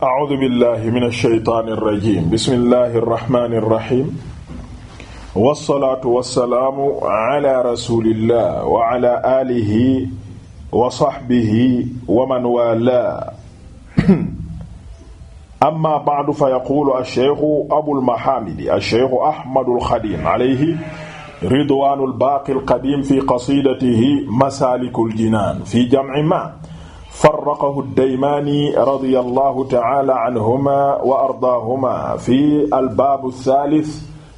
a'uudu billahi mina shaytaani rajiim bismillahi rahmaani rahiim. wasalaatu wasalaamu ala rasulillah wa ala alihi wa sahbihi wa man waalaa. amma ba'du fa yaquulu ash-shaykhu abul mahaamidi ash-shaykhu ahmadul xadiim alayhi ridwaanul baaqil qadiim fi qasiidatihi masaalikul jinaan fi jam'i maa. farraqahu ad-Daymaani radiyallahu ta'ala anhuma wa ardaahuma fi al-baab ath-thaalith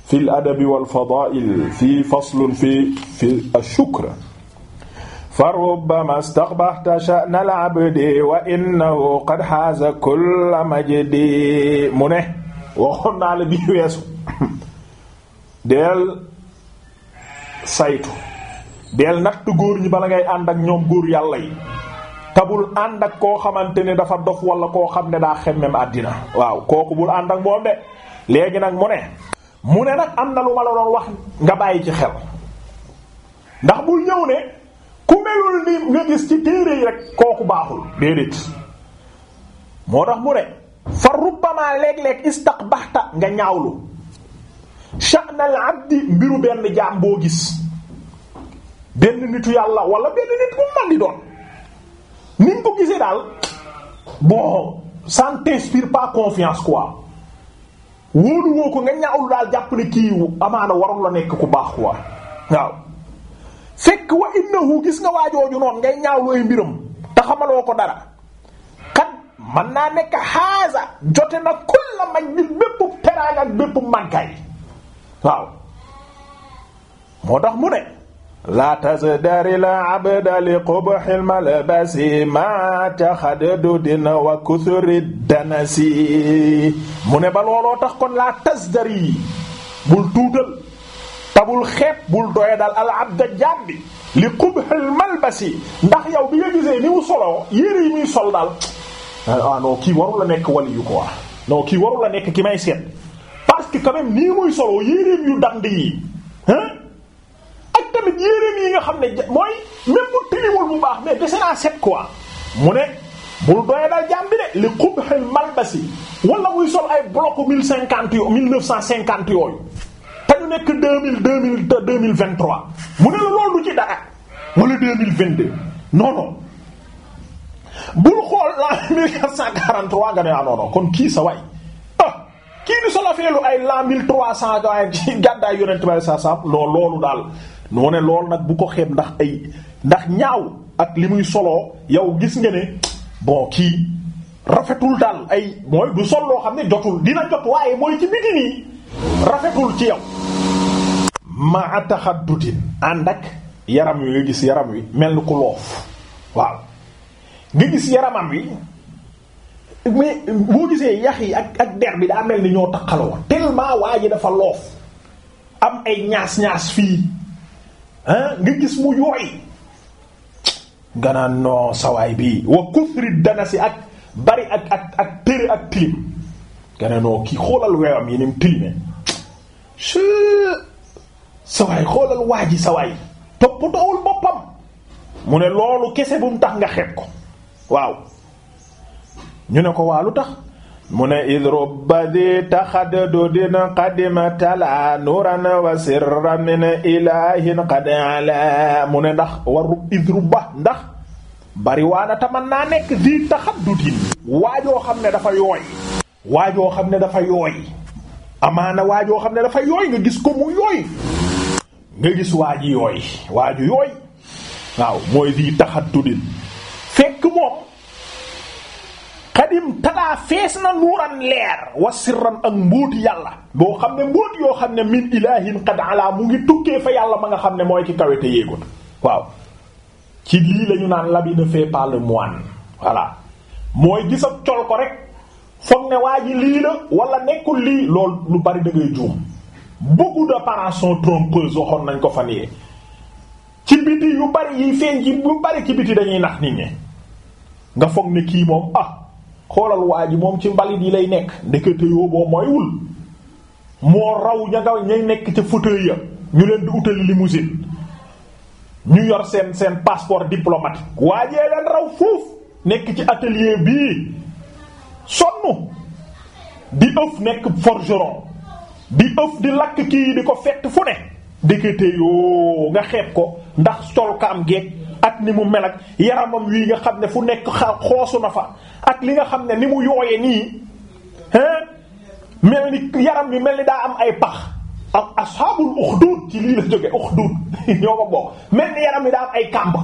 fi al-adabi wal-fadaa'il fi faslun fi fi ash-shukr farubbama staxbaxta sha'na al-abdi wa innahu qad haaza kulla majdi mu ne waxoon naa la bi weesu deel saytu deel natt góor ñi bala ngay ànd ak ñoom góor yàlla yi tabul ànd ak koo xamante ne dafa dof walla koo xam ne daa xemmem àddina waaw kooku bul ànd ak moom de léegi nag mu ne mu ne nag am na lu ma la doon wax nga bàyyi ci xel ndax bul ñëw ne ku melul ni nga gis ci téere yi rek kooku baaxul déedéet moo tax mu ne fa rubbama léeg-léeg istaqbaxta nga ñaawlu sha'nal abdi mbiru benn jaam boo gis benn nitu yàlla wala benn nit mu man doon ni nga ko gisee daal bon ça ne t'inspire pas confiance quoi wóoluwoo ko nga ñaawlu daal jàpp ne kii amaana warul la nekk ku baax quoi waaw fekk wa innahu gis nga waajooju noonu ngay ñaawlu ay mbiram te xamaloo ko dara kat man naa nekk xaasa jote na kulla majlis bépp teraanga ak bépp mànkaay waaw moo tax mu ne laa tasdari la abda li qubxil malbasi ma taxaddu wa kusuri danasi mu ne ba looloo tax kon laa tasdari bul tuutal tabul xeeb bul doya al abda jaam bi li qubxil malbasi ndax yow bi nga gisee ni mu yi muy sol daal ah non nekk wali yu ko wax non kii waru nekk ki may seet parce que quand même muy soloo yéreem yu dand yi tamit yéeréem yi nga xam ne mooy même bu tilimul bu baax mais dese naa set quoi mu ne bul doye dal jàmbi de li xubxel malbasi wala muy sol ay bloc yo mille neuf cent cinquante yooyu te ñu nekk deux mille deux mille deux mille vingt trois mu ne la loolu du ci dara wala deux mille vingt bul xool nga ne ah non kon kii sa waay ah kii ni solo feelu ay l'an mille trois cent gàddaay yonent bi sallallahu alayhi loolu daal noo ne loolu nag bu ko xeeb ndax ay ndax ñaaw ak li muy soloo yow gis nga ne bon kii rafetul daal ay mooy du sol loo xam ne jotul dina jot waaye mooy ci biti nii rafetul ci yow ma taxaddutin ànd ak yaram wi nga gis yaram wi mel ni ku waaw nga gis yaramam wi mais boo gisee yax yi ak ak der bi daa mel ni ñoo taqaloo tellement waa ji dafa loof am ay ñaas-ñaas fii ah nga gis mu yooy nga sawaay bii wa kufri dana si ak bari ak ak ak tër ak tilim nga ne xoolal weewam yi ni mu tilime sawaay xoolal waa ji sawaay toppatoowul boppam mu ne loolu kese bu mu tax nga xeeb ko waaw ñu ne ko waa lu tax mu ne id rubba di taxaddudin qadima tala nuran wa sirra min ilahin qad mu ne ndax waru id rubba ndax bariwaana taman naa nekk di taxaddudin waajoo xam ne dafa yooy waajoo xam ne dafa yooy amaana waajoo xam ne dafa yooy nga gis ko mu yooy nga gis waaji yooy waaju yooy waaw mooy di taxaddudin fekk moom xadim talaa fees na nuuran leer wa sirran ak mbóoti yàlla boo xam ne mbóot yoo xam ne min ilahin qad mu ngi tukkee fa yàlla ma nga xam ne mooy ki kawete yéegut waaw ci lii la naan l'habit ne fait pas voilà mooy gisab col ko rek foog ne waa ji lii la wala nekkul lii lool lu bari da ngay juum beaucoup d'apparences sont trompeuses waxoon nañ ko fan yee ci biti yu bari yi feeñ ci yu bari ci biti dañuy nax nit ñi nga foog ne kii moom ah, xoolal waa ji moom ci mbalit yi lay nekk ndekete yoo boo wul moo raw ña nga ñay nekk ca fauteuil ya ñu leen di utali limousine ñu yor seen seen passeport diplomatique waa jee leen raw foofu nekk ci atelier bii sonn di ëf nekk forgeron di ëf di lakk kii di ko fett fu ne ndekete yoo nga xeeb ko ndax sol ka am at ni mu mel ak yaramam wii nga xam ne fu nekk xoosu na fa ak li nga xam ne ni mu yooye nii hein mel ni yaram bi mel ni daa am ay pax ak ashabul uxdud ci lii la jóge uxdud ñoo ko bokk mel ni yaram bi daa am ay kàmb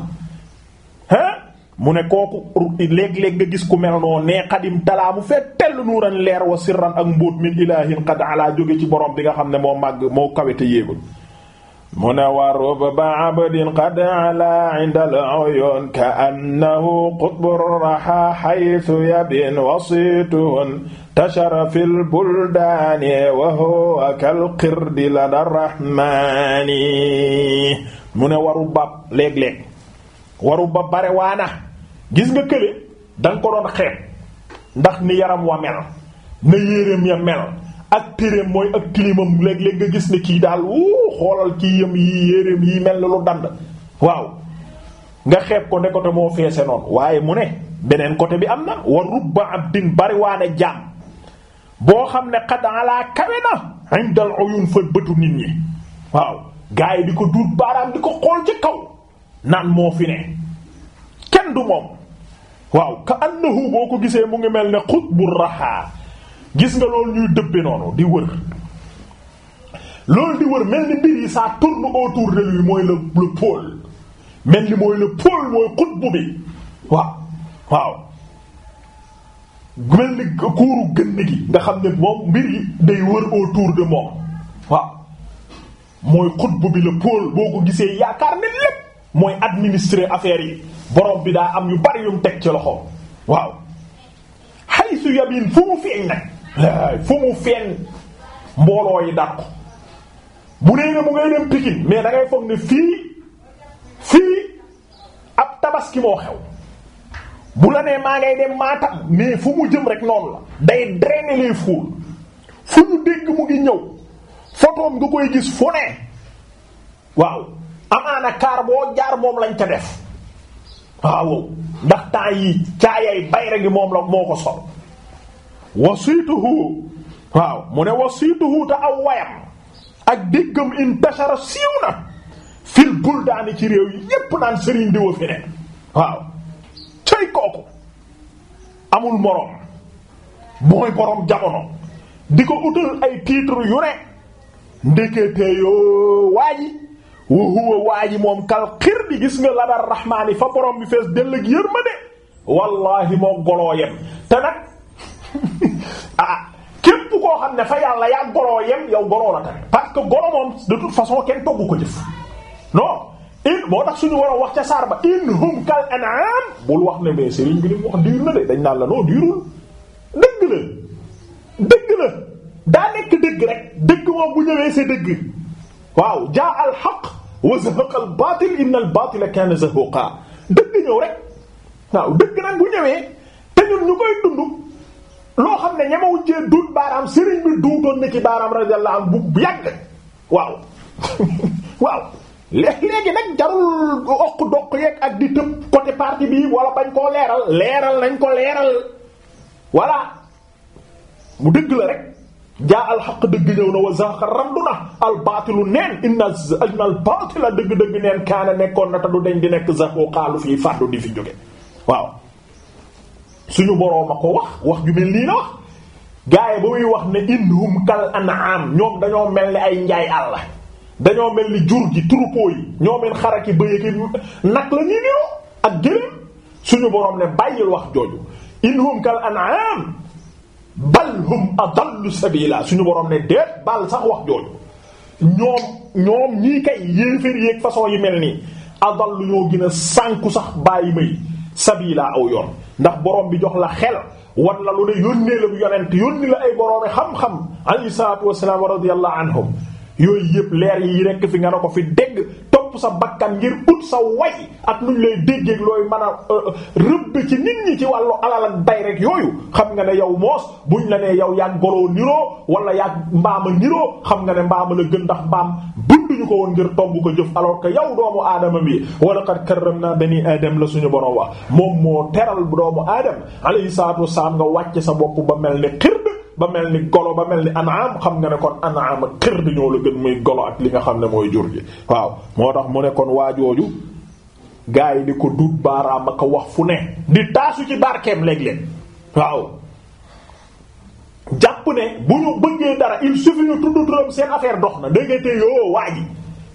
hein mu ne kooku léeg-léeg nga gis ku mel noo nee xadim talaa mu fee tell nuuran leer wa sirran ak mbóot min ilahin qad ala jóge ci borom bi nga xam ne moo màgg moo kawete yéegul mu ne wa rubba abdin qad ala inda al-uyun ka annahu qutbu raha haythu yabin wasituhun tashara fil buldaani wa huwa kal qirdi lada rahmaani mu ne waru bab léeg-léeg waru bab bare waana gis nga kële danga ko doon xeet ndax ni yaram wa mel na yéreem ya mel ak téréem mooy ak tilimam léeg-léeg nga gis ne kii daal wuu xoolal ci yam yi yéreem yi mel ni lu dand waaw nga xeeb ko ne côté moo feese noonu waaye mu ne beneen côté bi am na wa rubba abdin bariwaane jaam boo xam ne xad alaa kawe na bëtu nit ñi waaw gaa yi di ko duut baaraam di ko xool ci kaw naan moo fi ne kenn du moom waaw ka annahu boo ko gisee mu ngi mel ne xutbu raxaa gis nga loolu ñuy dëbbe noonu di wër loolu di wër mel ni mbir yi ça tourne autour de lui mooy le le mel ni mooy le pôle mooy xutbu bi waaw mel ni kuuru gënn gi nga xam ne moom mbir yi day wër autour de moom waaw mooy xutbu bi le pôle boo ko gisee yaakaar ne lépp mooy administrer affaires yi borom bi daa am yu bari yum teg ci loxoom waaw xay su yabin fu mu feeñ nag fu mu fenn mbooloo yi dàqu bu nee mu ngay dem Pikine mais da ngay foog ne fii fii ab tabaski moo xew bu la nee maa ngay dem Matam mais fu mu jëm rek noonu la day drainer les fu ñu dégg mu ngi ñëw photoom nga koy gis fu ne waaw amaana kaar boo jaar moom lañ ca def waaw ndax temps yi caayay bayra gi moom la moo ko sol wasiituhu waaw mu ne wasiituhu te aw wayam ak déggam intashara siiw na fil buldaani ci réew yi yépp naan sëriñ diwa fi ne waaw cay kooku amul moroom mooy boroom jamono di ko utal ay titre yu ne ndekete yoo waaji wa huwa waaji moom kal xir di gis nga ladar rahmaani fa borom bi fees dell ak yërmande wallaahi moo golooyem te nag Ah, ah képp koo xam ne fa yàlla yaa goroo yem yow goroo la tamit parce que goro moom de toute façon kenn toggu ko jëf non in moo tax suñu war wax ca saar ba in hum kal an'am bul wax ne mais Serigne bi ni wax diir na la non diirul dëgg la dëgg la daa nekk dëgg rek dëgg moom bu ñëwee c'est dëgg waaw jaa al wa zahaqa al batil inna al batila dëgg ñëw rek waaw dëgg nag bu ñëwee te ñun ñu koy dund loo xam ne ñemewuñ cee duut baaraam sëriñ bi duutoon na ci baaraam radiyallahu anhu bu yàgg waaw waaw léegi nag jarul okk doq yeeg ak di tëb côté parti bi wala bañ koo leeral leeral nañ ko leeral voilà bu dëgg la rek jaa alxaq dëgg ñëw na wa zaqa randu na albaatilu neen inna al a dëgg-dëgg neen kaana nekkoon na te du deñ di nekk zaxu xaalu fii fàddu di fi jóge waaw suñu boroom a ko wax wax ju mel nii la wax gaa yi ba muy wax ne innhum kal an'am ñoom dañoo mel ni ay njaay àll dañoo mel ni jur gi troupeau yi ñoo mel xaraki bëy ki nag la ñuy niroo ak gëléem suñu boroom ne bàyyil wax jooju innhum kal an'am bal hum adallu sabila suñu boroom ne déet bal sax wax jooju ñoom ñoom ñii kay yéefér yéeg façon yi mel nii adallu ñoo gën a sànku sax bàyyi may sabila aw yoon ndax borom bi jox la xel wan la lu ne yónnee la bu yonent yónni la ay boroomi xam-xam alayhi salaatu wassalaam wa radiyallahu anhum yooyu yëpp leer yi rekk fi nga ne ko fi dégg sa bakkan ngir ut sa way ak nuñ lay déggeeg looy mën a euh, euh, rëbb ci nit ñi ci wàllu alal ak bay rek yooyu xam nga ne yow moos buñ la nee yow yaag goroo niroo wala yaag mbaama niroo xam nga ne mbaama la gën ndax mbaam bunduñu ko woon ngir togg ko jëf alors que yow doomu aadama bi wala qad naa bani adam la suñu borom wax moom moo teral doomu aadam alayhi salatu wassalam nga wàcc sa bopp ba mel ni xir ba mel ni golo ba mel ni anaam xam nga ne kon anaam ak xër di ñoo la gën muy golo ak li nga xam ne mooy jur gi waaw moo tax mu ne kon waajooju gaa yi di ko dut baaraam ak wax fu ne di taasu ci barkeem léeg-léeg waaw jàpp ne bu ñu bëggee dara il suffit ñu tudd turam seen affaire dox na ndéggatee yoo waa ji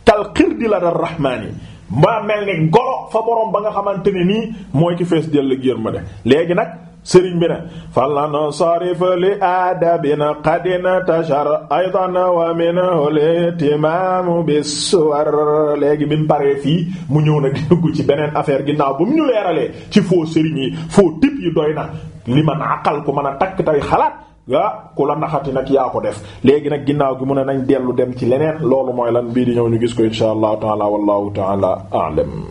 tal xir di la dal rahmaan yi maa mel ni golo fa borom ba nga xamante ne nii mooy ci fees dell ak yërmande léegi nag sëriñ bi na falano sarif li aadabin xadina tashar aydan wa minhu lihtimaamu bissuwar léegi min mu paree fii mu ñëw nag di ci beneen affaire ginnaaw bu mu ñu leeralee ci faux sëriñ yi faux type yi doy na li man aqal ku mën a takk tey xalaat ah ku la naxati nag yaa ko def léegi nag ginnaaw gi mu ne nañ dellu dem ci leneen loolu mooy lan bii di ñëw ñu gis ko insha allahu taala wallahu taala a'lam